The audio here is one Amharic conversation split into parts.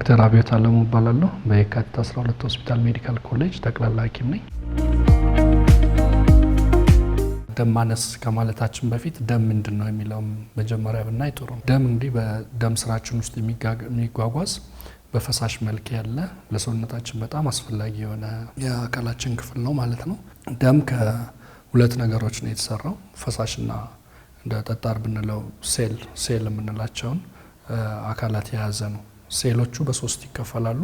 ዶክተር አብዮት አለሙ እባላለሁ። በየካቲት 12 ሆስፒታል ሜዲካል ኮሌጅ ጠቅላላ ሐኪም ነኝ። ደም ማነስ ከማለታችን በፊት ደም ምንድን ነው የሚለውም መጀመሪያ ብናይ ጥሩ ነው። ደም እንግዲህ በደም ስራችን ውስጥ የሚጓጓዝ በፈሳሽ መልክ ያለ ለሰውነታችን በጣም አስፈላጊ የሆነ የአካላችን ክፍል ነው ማለት ነው። ደም ከሁለት ነገሮች ነው የተሰራው፣ ፈሳሽና እንደ ጠጣር ብንለው ሴል ሴል የምንላቸውን አካላት የያዘ ነው። ሴሎቹ በሶስት ይከፈላሉ።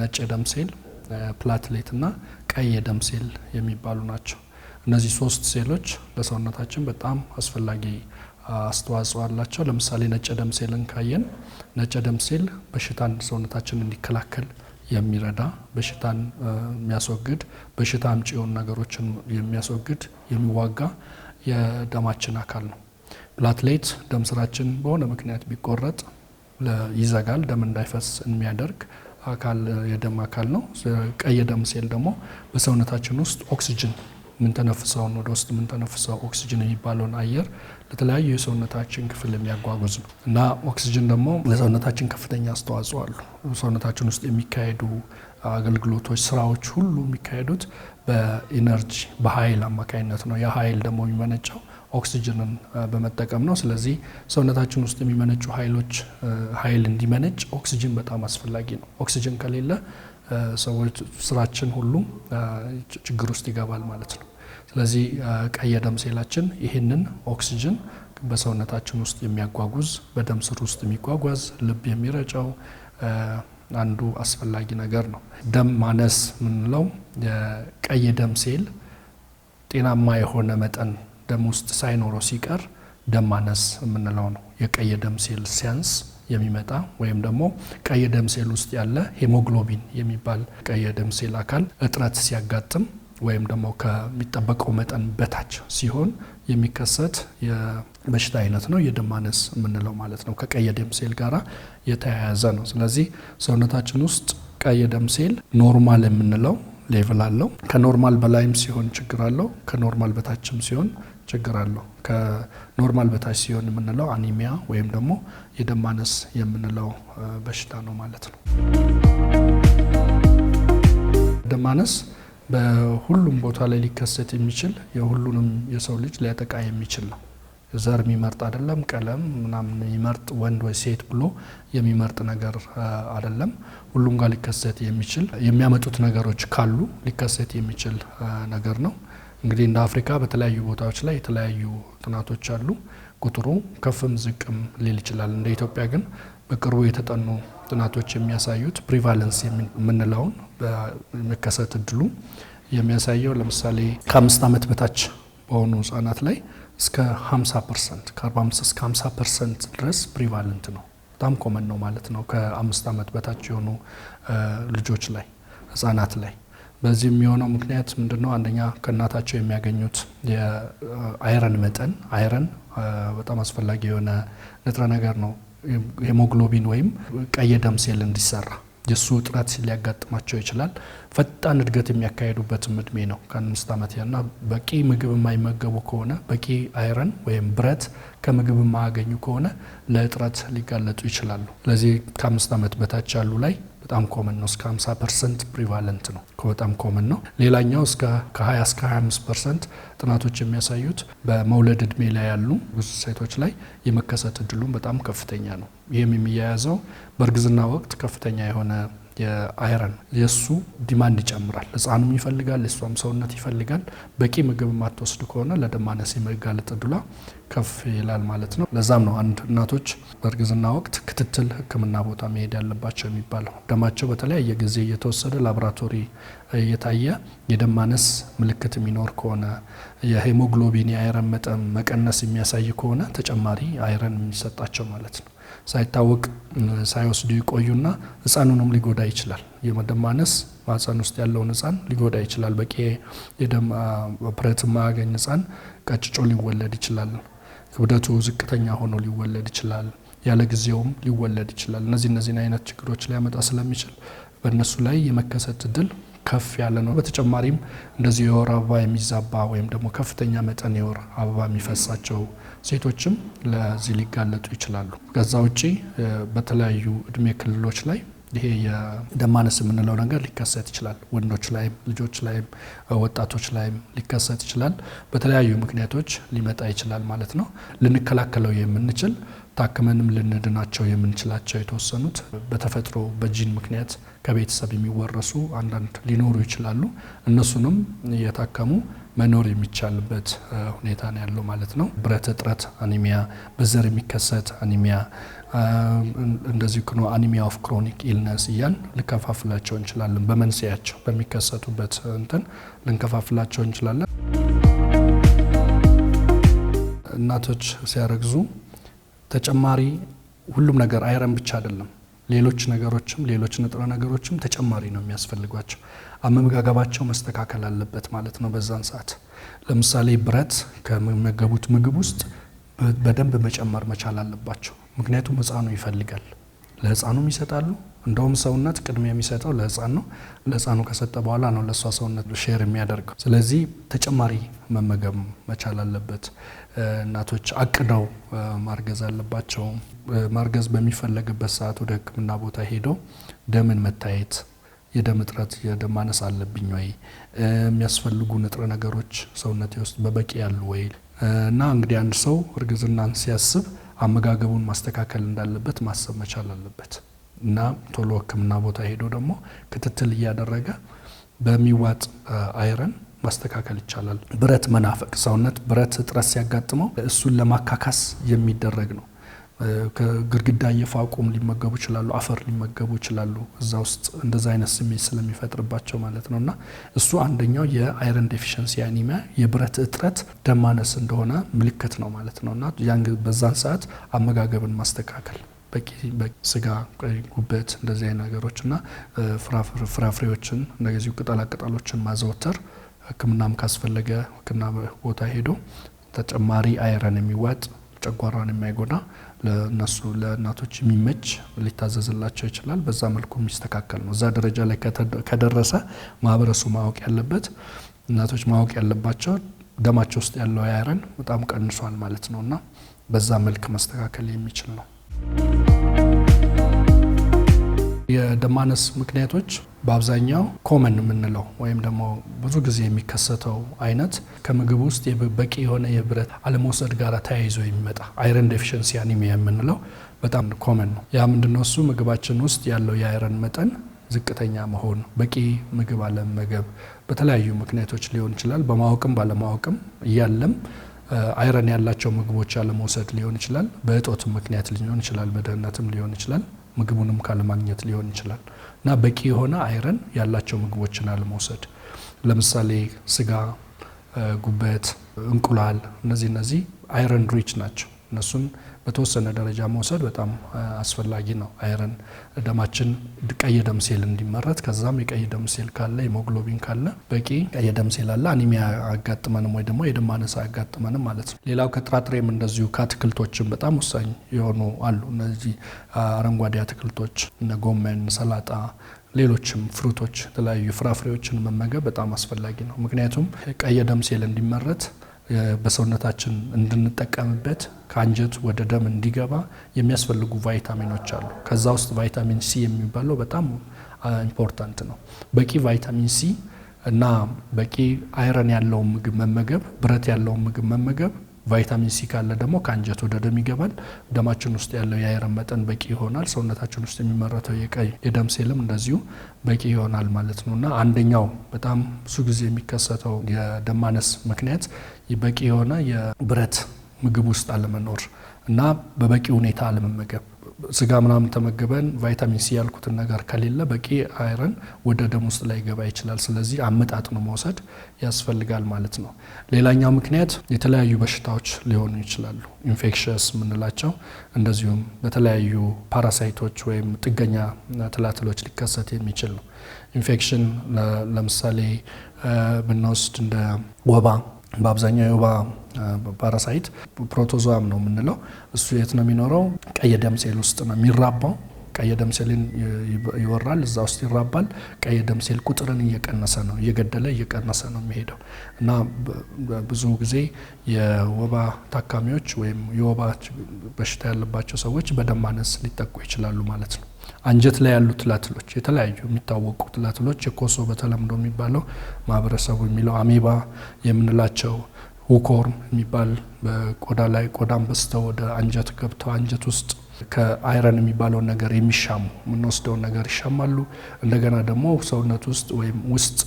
ነጭ የደም ሴል፣ ፕላትሌት እና ቀይ የደም ሴል የሚባሉ ናቸው። እነዚህ ሶስት ሴሎች ለሰውነታችን በጣም አስፈላጊ አስተዋጽኦ አላቸው። ለምሳሌ ነጭ ደም ሴልን ካየን ነጭ ደም ሴል በሽታን ሰውነታችን እንዲከላከል የሚረዳ በሽታን የሚያስወግድ በሽታ አምጪ የሆኑ ነገሮችን የሚያስወግድ የሚዋጋ የደማችን አካል ነው። ፕላትሌት ደም ስራችን በሆነ ምክንያት ቢቆረጥ ይዘጋል፣ ደም እንዳይፈስ የሚያደርግ አካል የደም አካል ነው። ቀይ ደም ሴል ደግሞ በሰውነታችን ውስጥ ኦክሲጅን የምንተነፍሰውን ወደ ውስጥ የምንተነፍሰው ኦክሲጅን የሚባለውን አየር ለተለያዩ የሰውነታችን ክፍል የሚያጓጉዝ ነው እና ኦክሲጅን ደግሞ ለሰውነታችን ከፍተኛ አስተዋጽኦ አሉ። ሰውነታችን ውስጥ የሚካሄዱ አገልግሎቶች፣ ስራዎች ሁሉ የሚካሄዱት በኢነርጂ በኃይል አማካኝነት ነው። የኃይል ደግሞ የሚመነጨው ኦክሲጅንን በመጠቀም ነው። ስለዚህ ሰውነታችን ውስጥ የሚመነጩ ኃይሎች ኃይል እንዲመነጭ ኦክሲጅን በጣም አስፈላጊ ነው። ኦክሲጅን ከሌለ ሰዎች ስራችን ሁሉ ችግር ውስጥ ይገባል ማለት ነው። ስለዚህ ቀይ ደም ሴላችን ይህንን ኦክሲጅን በሰውነታችን ውስጥ የሚያጓጉዝ በደም ስር ውስጥ የሚጓጓዝ ልብ የሚረጨው አንዱ አስፈላጊ ነገር ነው። ደም ማነስ የምንለው የቀይ ደም ሴል ጤናማ የሆነ መጠን ደም ውስጥ ሳይኖረው ሲቀር ደም ማነስ የምንለው ነው። የቀይ ደም ሴል ሲያንስ የሚመጣ ወይም ደግሞ ቀይ ደም ሴል ውስጥ ያለ ሄሞግሎቢን የሚባል ቀይ ደም ሴል አካል እጥረት ሲያጋጥም ወይም ደግሞ ከሚጠበቀው መጠን በታች ሲሆን የሚከሰት የበሽታ አይነት ነው የደም ማነስ የምንለው ማለት ነው። ከቀይ ደም ሴል ጋር የተያያዘ ነው። ስለዚህ ሰውነታችን ውስጥ ቀይ ደም ሴል ኖርማል የምንለው ሌቭል አለው። ከኖርማል በላይም ሲሆን ችግር አለው። ከኖርማል በታችም ሲሆን ችግር አለው። ከኖርማል በታች ሲሆን የምንለው አኒሚያ ወይም ደግሞ የደም ማነስ የምንለው በሽታ ነው ማለት ነው። ደም ማነስ በሁሉም ቦታ ላይ ሊከሰት የሚችል የሁሉንም የሰው ልጅ ሊያጠቃ የሚችል ነው። ዘር የሚመርጥ አይደለም። ቀለም ምናምን የሚመርጥ ወንድ ወይ ሴት ብሎ የሚመርጥ ነገር አይደለም። ሁሉም ጋር ሊከሰት የሚችል የሚያመጡት ነገሮች ካሉ ሊከሰት የሚችል ነገር ነው። እንግዲህ እንደ አፍሪካ በተለያዩ ቦታዎች ላይ የተለያዩ ጥናቶች አሉ። ቁጥሩ ከፍም ዝቅም ሊል ይችላል። እንደ ኢትዮጵያ ግን በቅርቡ የተጠኑ ጥናቶች የሚያሳዩት ፕሪቫለንስ የምንለውን በመከሰት እድሉ የሚያሳየው ለምሳሌ ከአምስት ዓመት በታች በሆኑ ህጻናት ላይ እስከ 50 ፐርሰንት ከ45 እስከ 50 ፐርሰንት ድረስ ፕሪቫለንት ነው። በጣም ኮመን ነው ማለት ነው ከአምስት ዓመት በታች የሆኑ ልጆች ላይ ህጻናት ላይ በዚህ የሚሆነው ምክንያት ምንድነው? አንደኛ ከእናታቸው የሚያገኙት የአይረን መጠን አይረን በጣም አስፈላጊ የሆነ ንጥረ ነገር ነው። ሄሞግሎቢን ወይም ቀይ ደም ሴል እንዲሰራ የእሱ እጥረት ሊያጋጥማቸው ይችላል። ፈጣን እድገት የሚያካሄዱበትም እድሜ ነው ከአምስት ዓመት ያና በቂ ምግብ የማይመገቡ ከሆነ በቂ አይረን ወይም ብረት ከምግብ የማያገኙ ከሆነ ለእጥረት ሊጋለጡ ይችላሉ። ስለዚህ ከአምስት ዓመት በታች ያሉ ላይ በጣም ኮመን ነው። እስከ 50 ፐርሰንት ፕሪቫለንት ነው። በጣም ኮመን ነው። ሌላኛው እስከ ከ20 እስከ 25 ፐርሰንት ጥናቶች የሚያሳዩት በመውለድ እድሜ ላይ ያሉ ብዙ ሴቶች ላይ የመከሰት እድሉም በጣም ከፍተኛ ነው። ይህም የሚያያዘው በእርግዝና ወቅት ከፍተኛ የሆነ የአይረን የእሱ ዲማንድ ይጨምራል። ህፃኑም ይፈልጋል፣ እሷም ሰውነት ይፈልጋል። በቂ ምግብ የማትወስድ ከሆነ ለደም ማነስ የመጋለጥ ከፍ ይላል ማለት ነው። ለዛም ነው አንድ እናቶች በእርግዝና ወቅት ክትትል ህክምና ቦታ መሄድ ያለባቸው የሚባለው። ደማቸው በተለያየ ጊዜ እየተወሰደ ላቦራቶሪ እየታየ የደም ማነስ ምልክት የሚኖር ከሆነ የሄሞግሎቢን የአይረን መጠን መቀነስ የሚያሳይ ከሆነ ተጨማሪ አይረን የሚሰጣቸው ማለት ነው። ሳይታወቅ ሳይወስዱ ይቆዩና ህፃኑንም ሊጎዳ ይችላል። የደም ማነስ ማህፀን ውስጥ ያለውን ህፃን ሊጎዳ ይችላል። በቂ የደም ፕረት የማያገኝ ህፃን ቀጭጮ ሊወለድ ይችላል። ክብደቱ ዝቅተኛ ሆኖ ሊወለድ ይችላል። ያለ ጊዜውም ሊወለድ ይችላል። እነዚህ እነዚህን አይነት ችግሮች ሊያመጣ ስለሚችል በእነሱ ላይ የመከሰት እድል ከፍ ያለ ነው። በተጨማሪም እንደዚሁ የወር አበባ የሚዛባ ወይም ደግሞ ከፍተኛ መጠን የወር አበባ የሚፈሳቸው ሴቶችም ለዚህ ሊጋለጡ ይችላሉ። ከዛ ውጪ በተለያዩ እድሜ ክልሎች ላይ ይሄ የደም ማነስ የምንለው ነገር ሊከሰት ይችላል። ወንዶች ላይም፣ ልጆች ላይም፣ ወጣቶች ላይም ሊከሰት ይችላል። በተለያዩ ምክንያቶች ሊመጣ ይችላል ማለት ነው። ልንከላከለው የምንችል ታክመንም ልንድናቸው የምንችላቸው የተወሰኑት በተፈጥሮ በጂን ምክንያት ከቤተሰብ የሚወረሱ አንዳንድ ሊኖሩ ይችላሉ። እነሱንም እየታከሙ መኖር የሚቻልበት ሁኔታ ነው ያለው ማለት ነው። ብረት እጥረት አኒሚያ፣ በዘር የሚከሰት አኒሚያ እንደዚህ ክኖ አኒሚያ ኦፍ ክሮኒክ ኢልነስ እያን ልንከፋፍላቸው እንችላለን። በመንስያቸው በሚከሰቱበት እንትን ልንከፋፍላቸው እንችላለን። እናቶች ሲያረግዙ ተጨማሪ ሁሉም ነገር አይረን ብቻ አይደለም። ሌሎች ነገሮችም ሌሎች ንጥረ ነገሮችም ተጨማሪ ነው የሚያስፈልጓቸው። አመጋገባቸው መስተካከል አለበት ማለት ነው። በዛን ሰዓት ለምሳሌ ብረት ከሚመገቡት ምግብ ውስጥ በደንብ መጨመር መቻል አለባቸው። ምክንያቱም ህፃኑ ይፈልጋል። ለህፃኑም ይሰጣሉ። እንደውም ሰውነት ቅድሚያ የሚሰጠው ለህፃን ነው። ለህፃኑ ከሰጠ በኋላ ነው ለእሷ ሰውነት ሼር የሚያደርገው። ስለዚህ ተጨማሪ መመገብ መቻል አለበት። እናቶች አቅደው ማርገዝ አለባቸው። ማርገዝ በሚፈለግበት ሰዓት ወደ ሕክምና ቦታ ሄደው ደምን መታየት፣ የደም እጥረት፣ የደም ማነስ አለብኝ ወይ፣ የሚያስፈልጉ ንጥረ ነገሮች ሰውነቴ ውስጥ በበቂ ያሉ ወይ እና እንግዲህ አንድ ሰው እርግዝናን ሲያስብ አመጋገቡን ማስተካከል እንዳለበት ማሰብ መቻል አለበት እና ቶሎ ሕክምና ቦታ ሄዶ ደግሞ ክትትል እያደረገ በሚዋጥ አይረን ማስተካከል ይቻላል። ብረት መናፈቅ ሰውነት ብረት እጥረት ሲያጋጥመው እሱን ለማካካስ የሚደረግ ነው። ከግድግዳ እየፋቁም ሊመገቡ ይችላሉ፣ አፈር ሊመገቡ ይችላሉ። እዛ ውስጥ እንደዛ አይነት ስሜት ስለሚፈጥርባቸው ማለት ነው። እና እሱ አንደኛው የአይረን ዴፊሽንሲ አኒሚያ የብረት እጥረት ደማነስ እንደሆነ ምልክት ነው ማለት ነው። እና ያን በዛን ሰዓት አመጋገብን ማስተካከል በቂ ስጋ፣ ጉበት እንደዚህ አይነት ነገሮች እና ፍራፍሬዎችን እንደዚሁ ቅጠላቅጠሎችን ማዘወተር ሕክምናም ካስፈለገ ሕክምና ቦታ ሄዶ ተጨማሪ አይረን የሚዋጥ ጨጓራን የማይጎዳ ለነሱ ለእናቶች የሚመች ሊታዘዝላቸው ይችላል። በዛ መልኩ የሚስተካከል ነው። እዛ ደረጃ ላይ ከደረሰ ማህበረሰቡ ማወቅ ያለበት እናቶች ማወቅ ያለባቸው ደማቸው ውስጥ ያለው አይረን በጣም ቀንሷል ማለት ነው እና በዛ መልክ መስተካከል የሚችል ነው። የደማነስ ምክንያቶች በአብዛኛው ኮመን የምንለው ወይም ደግሞ ብዙ ጊዜ የሚከሰተው አይነት ከምግብ ውስጥ በቂ የሆነ የብረት አለመውሰድ ጋር ተያይዞ የሚመጣ አይረን ዴፊሽንሲ አኒሚያ የምንለው በጣም ኮመን ነው። ያ ምንድነው? እሱ ምግባችን ውስጥ ያለው የአይረን መጠን ዝቅተኛ መሆን፣ በቂ ምግብ አለመመገብ በተለያዩ ምክንያቶች ሊሆን ይችላል። በማወቅም ባለማወቅም እያለም አይረን ያላቸው ምግቦች አለመውሰድ ሊሆን ይችላል። በእጦትም ምክንያት ሊሆን ይችላል። በደህንነትም ሊሆን ይችላል። ምግቡንም ካለማግኘት ሊሆን ይችላል እና በቂ የሆነ አይረን ያላቸው ምግቦችን አለመውሰድ ለምሳሌ ስጋ፣ ጉበት፣ እንቁላል እነዚህ እነዚህ አይረን ሪች ናቸው እነሱን በተወሰነ ደረጃ መውሰድ በጣም አስፈላጊ ነው። አይረን ደማችን ቀይ ደም ሴል እንዲመረት ከዛም የቀይ ደም ሴል ካለ ሂሞግሎቢን ካለ በቂ ቀይ ደም ሴል አለ አኒሚያ አያጋጥመንም ወይ ደግሞ የደም ማነስ አያጋጥመንም ማለት ነው። ሌላው ከጥራጥሬም እንደዚሁ ከአትክልቶችም በጣም ወሳኝ የሆኑ አሉ። እነዚህ አረንጓዴ አትክልቶች እነ ጎመን፣ ሰላጣ ሌሎችም ፍሩቶች የተለያዩ ፍራፍሬዎችን መመገብ በጣም አስፈላጊ ነው። ምክንያቱም ቀይ ደም ሴል እንዲመረት በሰውነታችን እንድንጠቀምበት ከአንጀት ወደ ደም እንዲገባ የሚያስፈልጉ ቫይታሚኖች አሉ። ከዛ ውስጥ ቫይታሚን ሲ የሚባለው በጣም ኢምፖርታንት ነው። በቂ ቫይታሚን ሲ እና በቂ አይረን ያለውን ምግብ መመገብ፣ ብረት ያለውን ምግብ መመገብ፣ ቫይታሚን ሲ ካለ ደግሞ ከአንጀት ወደ ደም ይገባል። ደማችን ውስጥ ያለው የአይረን መጠን በቂ ይሆናል። ሰውነታችን ውስጥ የሚመረተው የቀይ የደም ሴልም እንደዚሁ በቂ ይሆናል ማለት ነው እና አንደኛው በጣም ብዙ ጊዜ የሚከሰተው የደም ማነስ ምክንያት በቂ የሆነ የብረት ምግብ ውስጥ አለመኖር እና በበቂ ሁኔታ አለመመገብ ስጋ ምናምን ተመግበን ቫይታሚን ሲ ያልኩትን ነገር ከሌለ በቂ አይረን ወደ ደም ውስጥ ላይ ገባ ይችላል። ስለዚህ አመጣጥኑ መውሰድ ያስፈልጋል ማለት ነው። ሌላኛው ምክንያት የተለያዩ በሽታዎች ሊሆኑ ይችላሉ። ኢንፌክሽስ የምንላቸው እንደዚሁም በተለያዩ ፓራሳይቶች ወይም ጥገኛ ትላትሎች ሊከሰት የሚችል ነው። ኢንፌክሽን ለምሳሌ ብንወስድ እንደ ወባ በአብዛኛው የወባ ፓራሳይት ፕሮቶዛም ነው የምንለው። እሱ የት ነው የሚኖረው? ቀይ ደም ሴል ውስጥ ነው የሚራባው። ቀይ ደም ሴልን ይወራል፣ እዛ ውስጥ ይራባል። ቀይ ደም ሴል ቁጥርን እየቀነሰ ነው እየገደለ እየቀነሰ ነው የሚሄደው እና ብዙ ጊዜ የወባ ታካሚዎች ወይም የወባ በሽታ ያለባቸው ሰዎች በደም ማነስ ሊጠቁ ይችላሉ ማለት ነው። አንጀት ላይ ያሉ ትላትሎች የተለያዩ የሚታወቁ ትላትሎች የኮሶ በተለምዶ የሚባለው ማህበረሰቡ የሚለው አሜባ የምንላቸው ሁኮርም የሚባል በቆዳ ላይ ቆዳን በስተው ወደ አንጀት ገብተው አንጀት ውስጥ ከአይረን የሚባለውን ነገር የሚሻሙ የምንወስደውን ነገር ይሻማሉ። እንደገና ደግሞ ሰውነት ውስጥ ወይም ውስጥ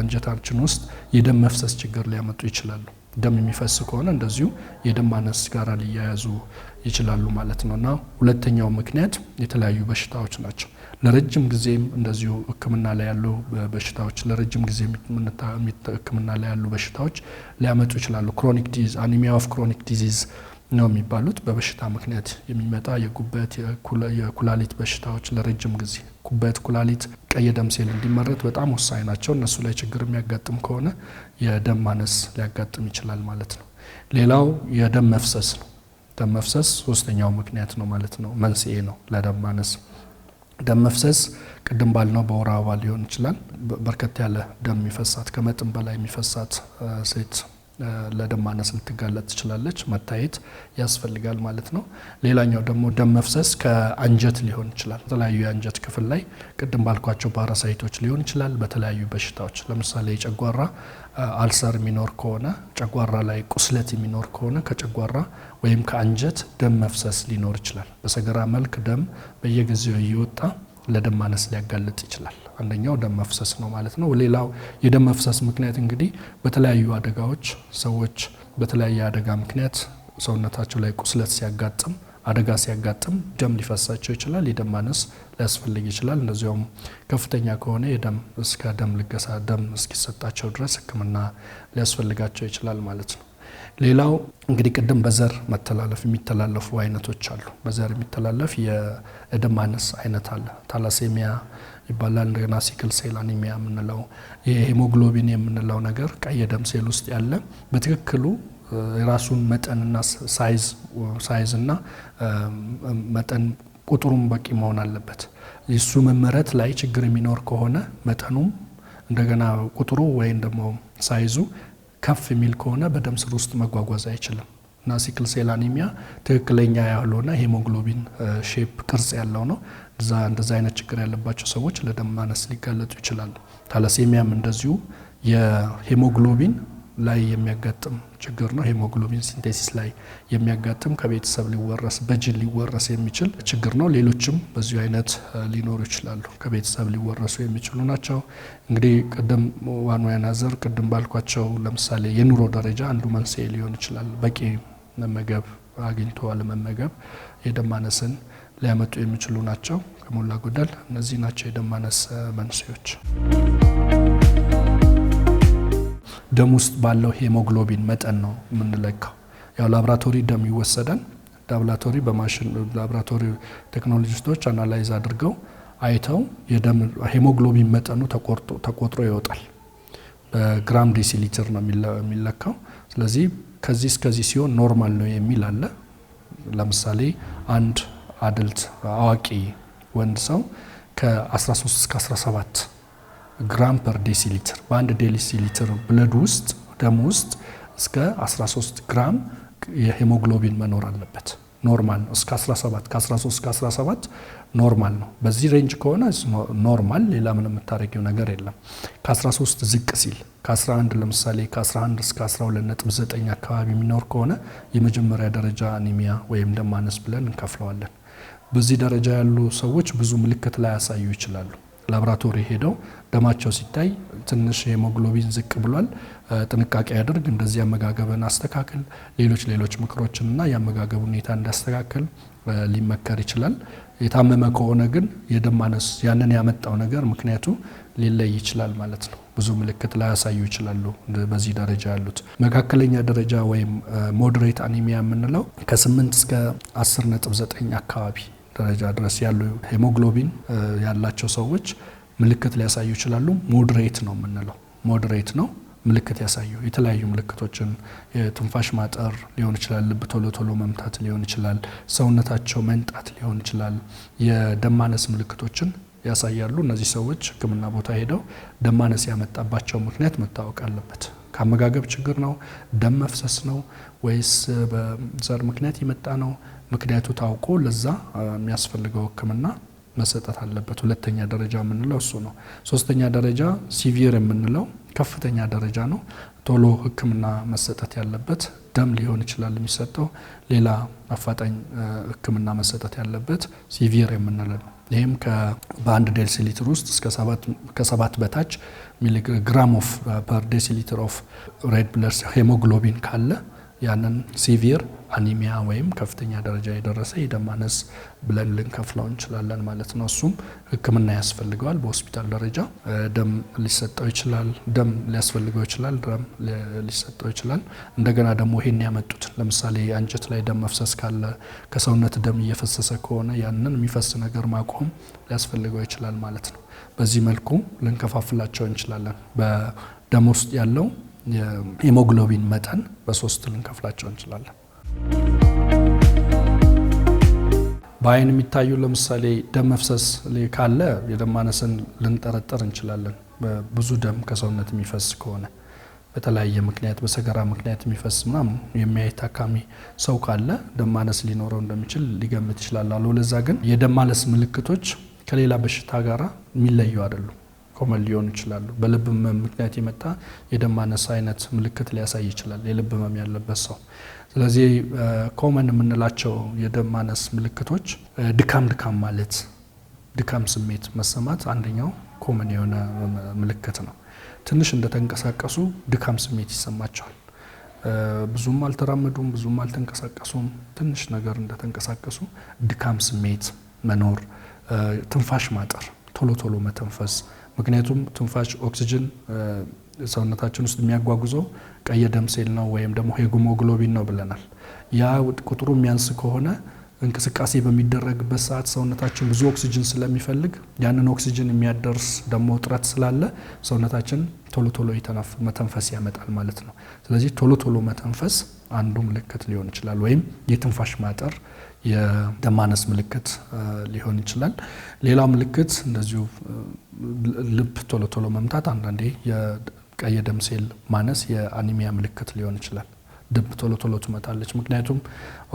አንጀታችን ውስጥ የደም መፍሰስ ችግር ሊያመጡ ይችላሉ። ደም የሚፈስ ከሆነ እንደዚሁ የደም ማነስ ጋር ሊያያዙ ይችላሉ ማለት ነው እና ሁለተኛው ምክንያት የተለያዩ በሽታዎች ናቸው። ለረጅም ጊዜም እንደዚሁ ሕክምና ላይ ያሉ በሽታዎች ለረጅም ጊዜ ሕክምና ላይ ያሉ በሽታዎች ሊያመጡ ይችላሉ። ክሮኒክ ዲዚዝ አኒሚያ ኦፍ ክሮኒክ ዲዚዝ ነው የሚባሉት በበሽታ ምክንያት የሚመጣ የጉበት የኩላሊት በሽታዎች ለረጅም ጊዜ ጉበት፣ ኩላሊት ቀይ ደም ሴል እንዲመረት በጣም ወሳኝ ናቸው። እነሱ ላይ ችግር የሚያጋጥም ከሆነ የደም ማነስ ሊያጋጥም ይችላል ማለት ነው። ሌላው የደም መፍሰስ ነው። ደም መፍሰስ ሶስተኛው ምክንያት ነው ማለት ነው፣ መንስኤ ነው ለደም ማነስ። ደም መፍሰስ ቅድም ባልነው በወር አበባ ሊሆን ይችላል። በርከት ያለ ደም የሚፈሳት ከመጠን በላይ የሚፈሳት ሴት ለደም ማነስ ልትጋለጥ ትችላለች። መታየት ያስፈልጋል ማለት ነው። ሌላኛው ደግሞ ደም መፍሰስ ከአንጀት ሊሆን ይችላል። በተለያዩ የአንጀት ክፍል ላይ ቅድም ባልኳቸው ፓራሳይቶች ሊሆን ይችላል። በተለያዩ በሽታዎች ለምሳሌ የጨጓራ አልሰር የሚኖር ከሆነ ጨጓራ ላይ ቁስለት የሚኖር ከሆነ ከጨጓራ ወይም ከአንጀት ደም መፍሰስ ሊኖር ይችላል። በሰገራ መልክ ደም በየጊዜው እየወጣ ለደም ማነስ ሊያጋልጥ ይችላል። አንደኛው ደም መፍሰስ ነው ማለት ነው። ሌላው የደም መፍሰስ ምክንያት እንግዲህ በተለያዩ አደጋዎች ሰዎች በተለያየ አደጋ ምክንያት ሰውነታቸው ላይ ቁስለት ሲያጋጥም አደጋ ሲያጋጥም ደም ሊፈሳቸው ይችላል። የደም ማነስ ሊያስፈልግ ይችላል። እንደዚሁም ከፍተኛ ከሆነ የደም እስከ ደም ልገሳ ደም እስኪሰጣቸው ድረስ ሕክምና ሊያስፈልጋቸው ይችላል ማለት ነው። ሌላው እንግዲህ ቅድም በዘር መተላለፍ የሚተላለፉ አይነቶች አሉ። በዘር የሚተላለፍ የደም ማነስ አይነት አለ። ታላሴሚያ ይባላል። እንደገና ሲክል ሴል አኒሚያ የምንለው የሄሞግሎቢን የምንለው ነገር ቀይ ደም ሴል ውስጥ ያለ በትክክሉ የራሱን መጠንና ሳይዝ እና መጠን ቁጥሩም በቂ መሆን አለበት። እሱ መመረት ላይ ችግር የሚኖር ከሆነ መጠኑም እንደገና ቁጥሩ ወይም ደግሞ ሳይዙ ከፍ የሚል ከሆነ በደም ስር ውስጥ መጓጓዝ አይችልም እና ሲክል ሴል አኒሚያ ትክክለኛ ያልሆነ ሄሞግሎቢን ሼፕ ቅርጽ ያለው ነው። እዛ እንደዛ አይነት ችግር ያለባቸው ሰዎች ለደም ማነስ ሊጋለጡ ይችላሉ። ታላሴሚያም እንደዚሁ የሄሞግሎቢን ላይ የሚያጋጥም ችግር ነው። ሄሞግሎቢን ሲንቴሲስ ላይ የሚያጋጥም ከቤተሰብ ሊወረስ በጅን ሊወረስ የሚችል ችግር ነው። ሌሎችም በዚሁ አይነት ሊኖሩ ይችላሉ፣ ከቤተሰብ ሊወረሱ የሚችሉ ናቸው። እንግዲህ ቅድም ዋን ቅድም ባልኳቸው ለምሳሌ የኑሮ ደረጃ አንዱ መንስኤ ሊሆን ይችላል። በቂ መመገብ አግኝቶ አለመመገብ የደም ማነስን ሊያመጡ የሚችሉ ናቸው። ከሞላ ጎደል እነዚህ ናቸው የደም ማነስ መንስኤዎች። ደም ውስጥ ባለው ሄሞግሎቢን መጠን ነው የምንለካው። ያው ላብራቶሪ ደም ይወሰዳል። ላብራቶሪ በማሽን ላብራቶሪ ቴክኖሎጂስቶች አናላይዝ አድርገው አይተው የደም ሄሞግሎቢን መጠኑ ተቆጥሮ ይወጣል። በግራም ዲሲ ሊትር ነው የሚለካው። ስለዚህ ከዚህ እስከዚህ ሲሆን ኖርማል ነው የሚል አለ። ለምሳሌ አንድ አድልት አዋቂ ወንድ ሰው ከ13 እስከ 17 ግራም ፐር ዴሲ ሊትር በአንድ ዴሲ ሊትር ብለድ ውስጥ ደም ውስጥ እስከ 13 ግራም የሄሞግሎቢን መኖር አለበት። ኖርማል ነው። እስከ 17 ከ13 እስከ 17 ኖርማል ነው። በዚህ ሬንጅ ከሆነ ኖርማል፣ ሌላ ምንም የምታደረጊው ነገር የለም። ከ13 ዝቅ ሲል ከ11 ለምሳሌ ከ11 እስከ 12.9 አካባቢ የሚኖር ከሆነ የመጀመሪያ ደረጃ አኒሚያ ወይም ደም ማነስ ብለን እንከፍለዋለን። በዚህ ደረጃ ያሉ ሰዎች ብዙ ምልክት ላይ ያሳዩ ይችላሉ። ላብራቶሪ ሄደው ደማቸው ሲታይ ትንሽ ሄሞግሎቢን ዝቅ ብሏል፣ ጥንቃቄ ያደርግ እንደዚህ አመጋገብን አስተካክል፣ ሌሎች ሌሎች ምክሮችንና የአመጋገብ ሁኔታ እንዲያስተካክል ሊመከር ይችላል። የታመመ ከሆነ ግን የደም ማነስ ያንን ያመጣው ነገር ምክንያቱ ሊለይ ይችላል ማለት ነው። ብዙ ምልክት ላያሳዩ ይችላሉ። በዚህ ደረጃ ያሉት መካከለኛ ደረጃ ወይም ሞዴሬት አኒሚያ የምንለው ከ8 እስከ 19 አካባቢ ደረጃ ድረስ ያሉ ሄሞግሎቢን ያላቸው ሰዎች ምልክት ሊያሳዩ ይችላሉ። ሞድሬት ነው የምንለው። ሞድሬት ነው ምልክት ያሳዩ የተለያዩ ምልክቶችን የትንፋሽ ማጠር ሊሆን ይችላል። ልብ ቶሎ ቶሎ መምታት ሊሆን ይችላል። ሰውነታቸው መንጣት ሊሆን ይችላል። የደማነስ ምልክቶችን ያሳያሉ። እነዚህ ሰዎች ሕክምና ቦታ ሄደው ደማነስ ያመጣባቸው ምክንያት መታወቅ አለበት። ከአመጋገብ ችግር ነው፣ ደም መፍሰስ ነው ወይስ በዘር ምክንያት የመጣ ነው? ምክንያቱ ታውቆ ለዛ የሚያስፈልገው ሕክምና መሰጠት አለበት። ሁለተኛ ደረጃ የምንለው እሱ ነው። ሶስተኛ ደረጃ ሲቪር የምንለው ከፍተኛ ደረጃ ነው። ቶሎ ሕክምና መሰጠት ያለበት ደም ሊሆን ይችላል የሚሰጠው፣ ሌላ አፋጣኝ ሕክምና መሰጠት ያለበት ሲቪር የምንለው ነው። ይህም በአንድ ዴሲ ሊትር ውስጥ እስከ በታች ሚሊግራም ኦፍ ፐር ሊትር ኦፍ ሬድ ብለርስ ሄሞግሎቢን ካለ ያንን ሲቪር አኒሚያ ወይም ከፍተኛ ደረጃ የደረሰ የደም ማነስ ብለን ልንከፍለው እንችላለን ማለት ነው። እሱም ሕክምና ያስፈልገዋል። በሆስፒታል ደረጃ ደም ሊሰጠው ይችላል፣ ደም ሊያስፈልገው ይችላል፣ ደም ሊሰጠው ይችላል። እንደገና ደግሞ ይሄን ያመጡት ለምሳሌ አንጀት ላይ ደም መፍሰስ ካለ ከሰውነት ደም እየፈሰሰ ከሆነ ያንን የሚፈስ ነገር ማቆም ሊያስፈልገው ይችላል ማለት ነው። በዚህ መልኩ ልንከፋፍላቸው እንችላለን። በደም ውስጥ ያለው የሄሞግሎቢን መጠን በሶስት ልንከፍላቸው እንችላለን። በአይን የሚታዩ ለምሳሌ ደም መፍሰስ ካለ የደም ማነስን ልንጠረጠር እንችላለን። ብዙ ደም ከሰውነት የሚፈስ ከሆነ በተለያየ ምክንያት በሰገራ ምክንያት የሚፈስ ምናምን የሚያይ ታካሚ ሰው ካለ ደም ማነስ ሊኖረው እንደሚችል ሊገምት ይችላል። አለበለዚያ ግን የደም ማነስ ምልክቶች ከሌላ በሽታ ጋር የሚለዩ አይደሉም። ቆመን ሊሆን ይችላሉ። በልብ ህመም ምክንያት የመጣ የደም ማነስ አይነት ምልክት ሊያሳይ ይችላል የልብ ህመም ያለበት ሰው። ስለዚህ ኮመን የምንላቸው የደም ማነስ ምልክቶች ድካም ድካም ማለት ድካም ስሜት መሰማት አንደኛው ኮመን የሆነ ምልክት ነው። ትንሽ እንደተንቀሳቀሱ ድካም ስሜት ይሰማቸዋል። ብዙም አልተራመዱም፣ ብዙም አልተንቀሳቀሱም፣ ትንሽ ነገር እንደተንቀሳቀሱ ድካም ስሜት መኖር፣ ትንፋሽ ማጠር ቶሎ ቶሎ መተንፈስ። ምክንያቱም ትንፋሽ ኦክሲጅን ሰውነታችን ውስጥ የሚያጓጉዘው ቀይ ደም ሴል ነው ወይም ደግሞ ሄሞግሎቢን ነው ብለናል። ያ ቁጥሩ የሚያንስ ከሆነ እንቅስቃሴ በሚደረግበት ሰዓት ሰውነታችን ብዙ ኦክሲጅን ስለሚፈልግ ያንን ኦክሲጅን የሚያደርስ ደግሞ እጥረት ስላለ ሰውነታችን ቶሎ ቶሎ መተንፈስ ያመጣል ማለት ነው። ስለዚህ ቶሎ ቶሎ መተንፈስ አንዱ ምልክት ሊሆን ይችላል፣ ወይም የትንፋሽ ማጠር የደም ማነስ ምልክት ሊሆን ይችላል። ሌላው ምልክት እንደዚሁ ልብ ቶሎ ቶሎ መምታት፣ አንዳንዴ የቀይ ደም ሴል ማነስ የአኒሚያ ምልክት ሊሆን ይችላል። ልብ ቶሎ ቶሎ ትመታለች። ምክንያቱም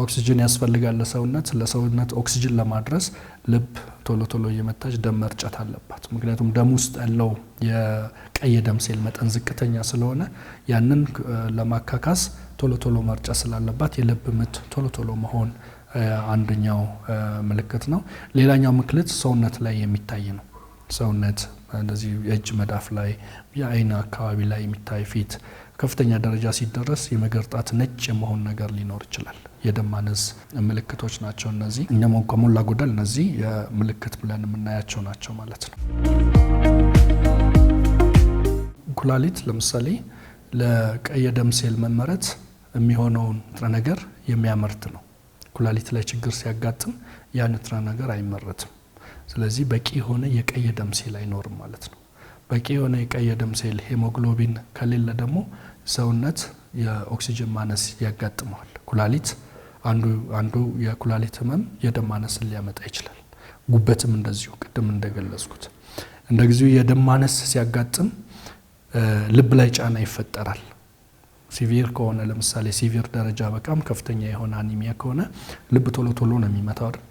ኦክሲጅን ያስፈልጋል ለሰውነት። ለሰውነት ኦክሲጅን ለማድረስ ልብ ቶሎ ቶሎ እየመታች ደም መርጨት አለባት። ምክንያቱም ደም ውስጥ ያለው የቀይ ደም ሴል መጠን ዝቅተኛ ስለሆነ ያንን ለማካካስ ቶሎ ቶሎ መርጨት ስላለባት የልብ ምት ቶሎ ቶሎ መሆን አንደኛው ምልክት ነው። ሌላኛው ምልክት ሰውነት ላይ የሚታይ ነው። ሰውነት እንደዚህ የእጅ መዳፍ ላይ የአይን አካባቢ ላይ የሚታይ ፊት ከፍተኛ ደረጃ ሲደረስ የመገርጣት ነጭ የመሆን ነገር ሊኖር ይችላል። የደም ማነስ ምልክቶች ናቸው እነዚህ። እኛም ከሞላ ጎደል እነዚህ የምልክት ብለን የምናያቸው ናቸው ማለት ነው። ኩላሊት ለምሳሌ ለቀይ የደም ሴል መመረት የሚሆነውን ንጥረ ነገር የሚያመርት ነው። ኩላሊት ላይ ችግር ሲያጋጥም ያ ንጥረ ነገር አይመረትም። ስለዚህ በቂ የሆነ የቀይ ደም ሴል አይኖርም ማለት ነው። በቂ የሆነ የቀይ ደም ሴል ሄሞግሎቢን ከሌለ ደግሞ ሰውነት የኦክሲጅን ማነስ ያጋጥመዋል። ኩላሊት አንዱ አንዱ የኩላሊት ህመም የደም ማነስን ሊያመጣ ይችላል። ጉበትም እንደዚሁ ቅድም እንደገለጽኩት እንደጊዜው የደም ማነስ ሲያጋጥም ልብ ላይ ጫና ይፈጠራል። ሲቪር ከሆነ ለምሳሌ ሲቪር ደረጃ በጣም ከፍተኛ የሆነ አኒሚያ ከሆነ ልብ ቶሎ ቶሎ ነው የሚመታው አይደል?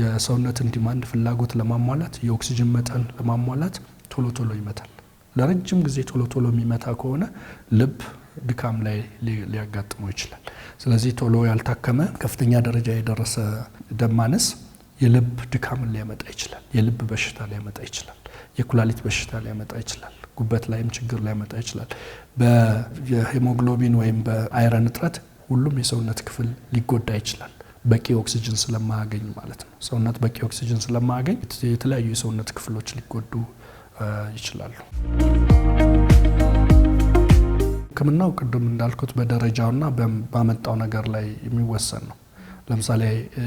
የሰውነትን ዲማንድ ፍላጎት ለማሟላት የኦክሲጅን መጠን ለማሟላት ቶሎ ቶሎ ይመታል። ለረጅም ጊዜ ቶሎ ቶሎ የሚመታ ከሆነ ልብ ድካም ላይ ሊያጋጥመው ይችላል። ስለዚህ ቶሎ ያልታከመ ከፍተኛ ደረጃ የደረሰ ደም ማነስ የልብ ድካምን ሊያመጣ ይችላል። የልብ በሽታ ሊያመጣ ይችላል። የኩላሊት በሽታ ሊያመጣ ይችላል። ጉበት ላይም ችግር ሊያመጣ ይችላል። በሄሞግሎቢን ወይም በአይረን እጥረት ሁሉም የሰውነት ክፍል ሊጎዳ ይችላል። በቂ ኦክሲጅን ስለማያገኝ ማለት ነው። ሰውነት በቂ ኦክሲጅን ስለማያገኝ የተለያዩ የሰውነት ክፍሎች ሊጎዱ ይችላሉ። ሕክምናው ቅድም እንዳልኩት በደረጃውና ባመጣው ነገር ላይ የሚወሰን ነው። ለምሳሌ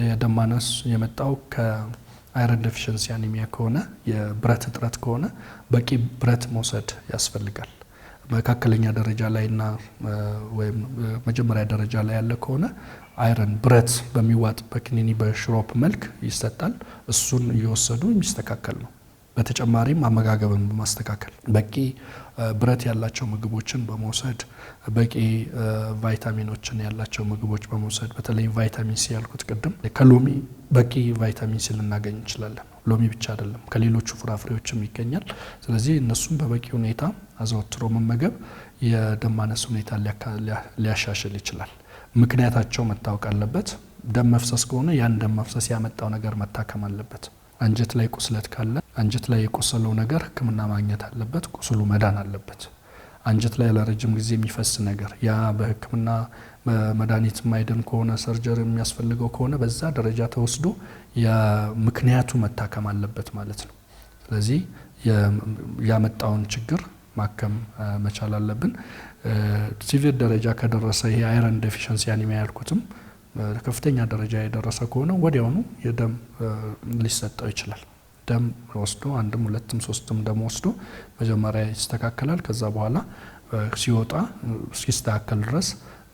የደም ማነስ የመጣው አይረን ዴፊሽንሲ አኒሚያ ከሆነ የብረት እጥረት ከሆነ በቂ ብረት መውሰድ ያስፈልጋል። መካከለኛ ደረጃ ላይና ወይም መጀመሪያ ደረጃ ላይ ያለ ከሆነ አይረን ብረት በሚዋጥ በክኒኒ በሽሮፕ መልክ ይሰጣል። እሱን እየወሰዱ የሚስተካከል ነው። በተጨማሪም አመጋገብን በማስተካከል በቂ ብረት ያላቸው ምግቦችን በመውሰድ በቂ ቫይታሚኖችን ያላቸው ምግቦች በመውሰድ በተለይ ቫይታሚን ሲ ያልኩት ቅድም ከሎሚ በቂ ቫይታሚን ሲ ልናገኝ እንችላለን። ሎሚ ብቻ አይደለም፣ ከሌሎቹ ፍራፍሬዎችም ይገኛል። ስለዚህ እነሱም በበቂ ሁኔታ አዘወትሮ መመገብ የደም ማነስ ሁኔታ ሊያሻሽል ይችላል። ምክንያታቸው መታወቅ አለበት። ደም መፍሰስ ከሆነ ያን ደም መፍሰስ ያመጣው ነገር መታከም አለበት። አንጀት ላይ ቁስለት ካለ አንጀት ላይ የቆሰለው ነገር ሕክምና ማግኘት አለበት። ቁስሉ መዳን አለበት። አንጀት ላይ ለረጅም ጊዜ የሚፈስ ነገር ያ በሕክምና መድኃኒት ማይደን ከሆነ ሰርጀር የሚያስፈልገው ከሆነ በዛ ደረጃ ተወስዶ ምክንያቱ መታከም አለበት ማለት ነው። ስለዚህ ያመጣውን ችግር ማከም መቻል አለብን። ሲቪር ደረጃ ከደረሰ ይሄ አይረን ዴፊሽንሲ ያን ያልኩትም ከፍተኛ ደረጃ የደረሰ ከሆነ ወዲያውኑ የደም ሊሰጠው ይችላል። ደም ወስዶ አንድም ሁለትም ሶስትም ደም ወስዶ መጀመሪያ ይስተካከላል። ከዛ በኋላ ሲወጣ እስኪስተካከል ድረስ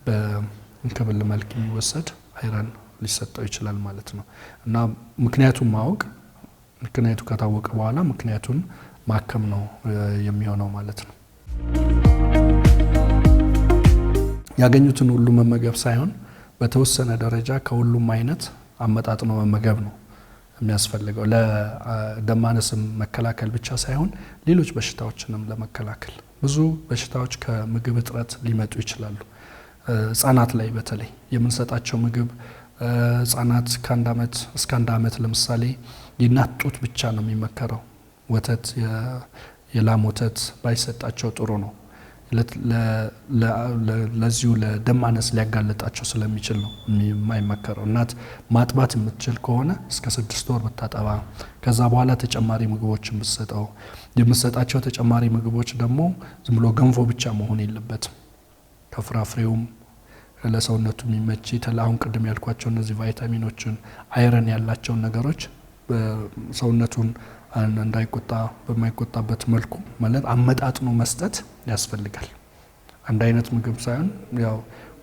በእንክብል መልክ የሚወሰድ አይረን ሊሰጠው ይችላል ማለት ነው እና ምክንያቱን ማወቅ ምክንያቱ ከታወቀ በኋላ ምክንያቱን ማከም ነው የሚሆነው ማለት ነው። ያገኙትን ሁሉ መመገብ ሳይሆን በተወሰነ ደረጃ ከሁሉም አይነት አመጣጥኖ መመገብ ነው የሚያስፈልገው ለደማነስም መከላከል ብቻ ሳይሆን ሌሎች በሽታዎችንም ለመከላከል። ብዙ በሽታዎች ከምግብ እጥረት ሊመጡ ይችላሉ። ህጻናት ላይ በተለይ የምንሰጣቸው ምግብ ህጻናት ከአንድ ዓመት እስከ አንድ ዓመት ለምሳሌ የእናት ጡት ብቻ ነው የሚመከረው። ወተት የላም ወተት ባይሰጣቸው ጥሩ ነው። ለዚሁ ለደም ማነስ ሊያጋለጣቸው ስለሚችል ነው የማይመከረው። እናት ማጥባት የምትችል ከሆነ እስከ ስድስት ወር ብታጠባ፣ ከዛ በኋላ ተጨማሪ ምግቦችን ብትሰጠው። የምትሰጣቸው ተጨማሪ ምግቦች ደግሞ ዝም ብሎ ገንፎ ብቻ መሆን የለበትም። ከፍራፍሬውም ለሰውነቱ የሚመች አሁን ቅድም ያልኳቸው እነዚህ ቫይታሚኖችን፣ አይረን ያላቸውን ነገሮች ሰውነቱን እንዳይቆጣ በማይቆጣበት መልኩ ማለት አመጣጥኖ መስጠት ያስፈልጋል። አንድ አይነት ምግብ ሳይሆን ያው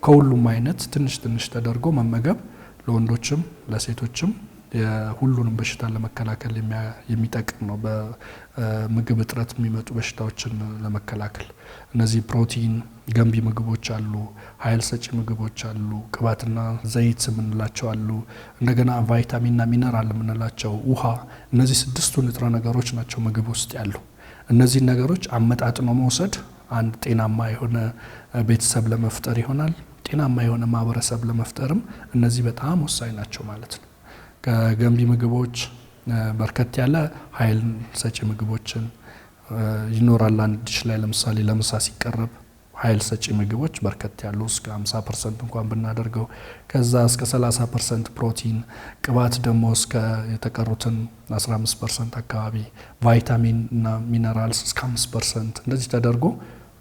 ከሁሉም አይነት ትንሽ ትንሽ ተደርጎ መመገብ ለወንዶችም ለሴቶችም የሁሉንም በሽታ ለመከላከል የሚጠቅም ነው። በምግብ እጥረት የሚመጡ በሽታዎችን ለመከላከል እነዚህ ፕሮቲን ገንቢ ምግቦች አሉ፣ ኃይል ሰጪ ምግቦች አሉ፣ ቅባትና ዘይት የምንላቸው አሉ፣ እንደገና ቫይታሚንና ሚነራል የምንላቸው ውሃ። እነዚህ ስድስቱ ንጥረ ነገሮች ናቸው ምግብ ውስጥ ያሉ። እነዚህን ነገሮች አመጣጥኖ መውሰድ አንድ ጤናማ የሆነ ቤተሰብ ለመፍጠር ይሆናል። ጤናማ የሆነ ማህበረሰብ ለመፍጠርም እነዚህ በጣም ወሳኝ ናቸው ማለት ነው። ከገንቢ ምግቦች በርከት ያለ ኃይል ሰጪ ምግቦችን ይኖራል አንድ ዲሽ ላይ ለምሳሌ ለምሳ ሲቀረብ ኃይል ሰጪ ምግቦች በርከት ያሉ እስከ 50 ፐርሰንት እንኳን ብናደርገው ከዛ እስከ 30 ፐርሰንት ፕሮቲን፣ ቅባት ደግሞ እስከ የተቀሩትን 15 ፐርሰንት አካባቢ ቫይታሚን እና ሚነራልስ እስከ 5 ፐርሰንት እንደዚህ ተደርጎ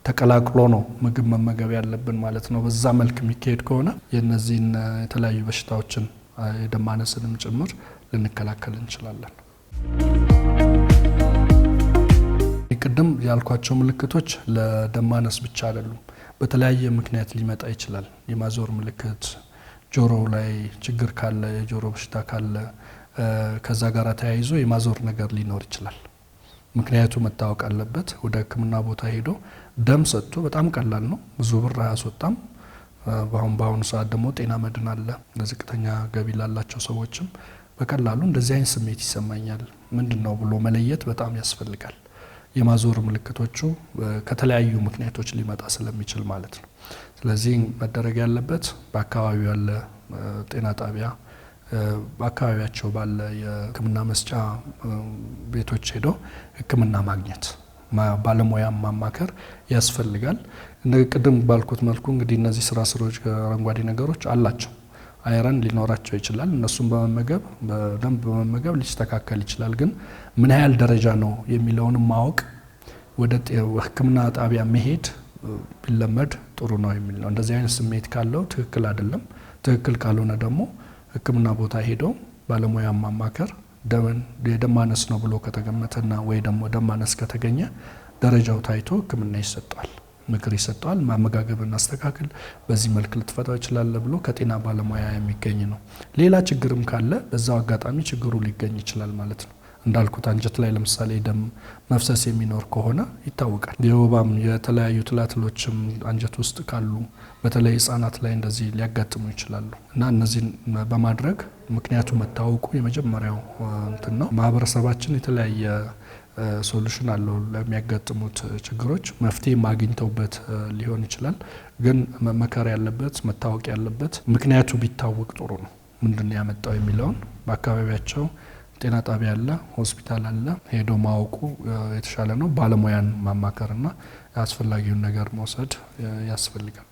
ተቀላቅሎ ነው ምግብ መመገብ ያለብን ማለት ነው። በዛ መልክ የሚካሄድ ከሆነ የእነዚህን የተለያዩ በሽታዎችን የደም ማነስንም ጭምር ልንከላከል እንችላለን። ቅድም ያልኳቸው ምልክቶች ለደም ማነስ ብቻ አይደሉም። በተለያየ ምክንያት ሊመጣ ይችላል። የማዞር ምልክት፣ ጆሮ ላይ ችግር ካለ፣ የጆሮ በሽታ ካለ ከዛ ጋር ተያይዞ የማዞር ነገር ሊኖር ይችላል። ምክንያቱ መታወቅ አለበት። ወደ ሕክምና ቦታ ሄዶ ደም ሰጥቶ በጣም ቀላል ነው፣ ብዙ ብር አያስወጣም። በአሁን በአሁኑ ሰዓት ደግሞ ጤና መድን አለ። ለዝቅተኛ ገቢ ላላቸው ሰዎችም በቀላሉ እንደዚህ አይነት ስሜት ይሰማኛል ምንድን ነው ብሎ መለየት በጣም ያስፈልጋል። የማዞር ምልክቶቹ ከተለያዩ ምክንያቶች ሊመጣ ስለሚችል ማለት ነው። ስለዚህ መደረግ ያለበት በአካባቢው ያለ ጤና ጣቢያ በአካባቢያቸው ባለ የሕክምና መስጫ ቤቶች ሄደው ሕክምና ማግኘት ባለሙያ ማማከር ያስፈልጋል። ቅድም ባልኩት መልኩ እንግዲህ እነዚህ ስራ ስሮች አረንጓዴ ነገሮች አላቸው። አይረን ሊኖራቸው ይችላል። እነሱን በመመገብ በደንብ በመመገብ ሊስተካከል ይችላል። ግን ምን ያህል ደረጃ ነው የሚለውን ማወቅ ወደ ሕክምና ጣቢያ መሄድ ቢለመድ ጥሩ ነው የሚል ነው። እንደዚህ አይነት ስሜት ካለው ትክክል አይደለም። ትክክል ካልሆነ ደግሞ ሕክምና ቦታ ሄዶ ባለሙያ ማማከር ደምን የደም ማነስ ነው ብሎ ከተገመተና ወይ ደግሞ ደም ማነስ ከተገኘ ደረጃው ታይቶ ሕክምና ይሰጠዋል። ምክር ይሰጠዋል። ማመጋገብ እናስተካክል፣ በዚህ መልክ ልትፈታው ይችላለ ብሎ ከጤና ባለሙያ የሚገኝ ነው። ሌላ ችግርም ካለ በዛው አጋጣሚ ችግሩ ሊገኝ ይችላል ማለት ነው። እንዳልኩት አንጀት ላይ ለምሳሌ ደም መፍሰስ የሚኖር ከሆነ ይታወቃል። የወባም የተለያዩ ትላትሎችም አንጀት ውስጥ ካሉ በተለይ ህጻናት ላይ እንደዚህ ሊያጋጥሙ ይችላሉ እና እነዚህን በማድረግ ምክንያቱ መታወቁ የመጀመሪያው እንትን ነው። ማህበረሰባችን የተለያየ ሶሉሽን አለው ለሚያጋጥሙት ችግሮች መፍትሄ ማግኝተውበት ሊሆን ይችላል። ግን መመከር ያለበት መታወቅ ያለበት ምክንያቱ ቢታወቅ ጥሩ ነው። ምንድን ያመጣው የሚለውን በአካባቢያቸው ጤና ጣቢያ አለ፣ ሆስፒታል አለ፣ ሄዶ ማወቁ የተሻለ ነው። ባለሙያን ማማከርና አስፈላጊውን ነገር መውሰድ ያስፈልጋል።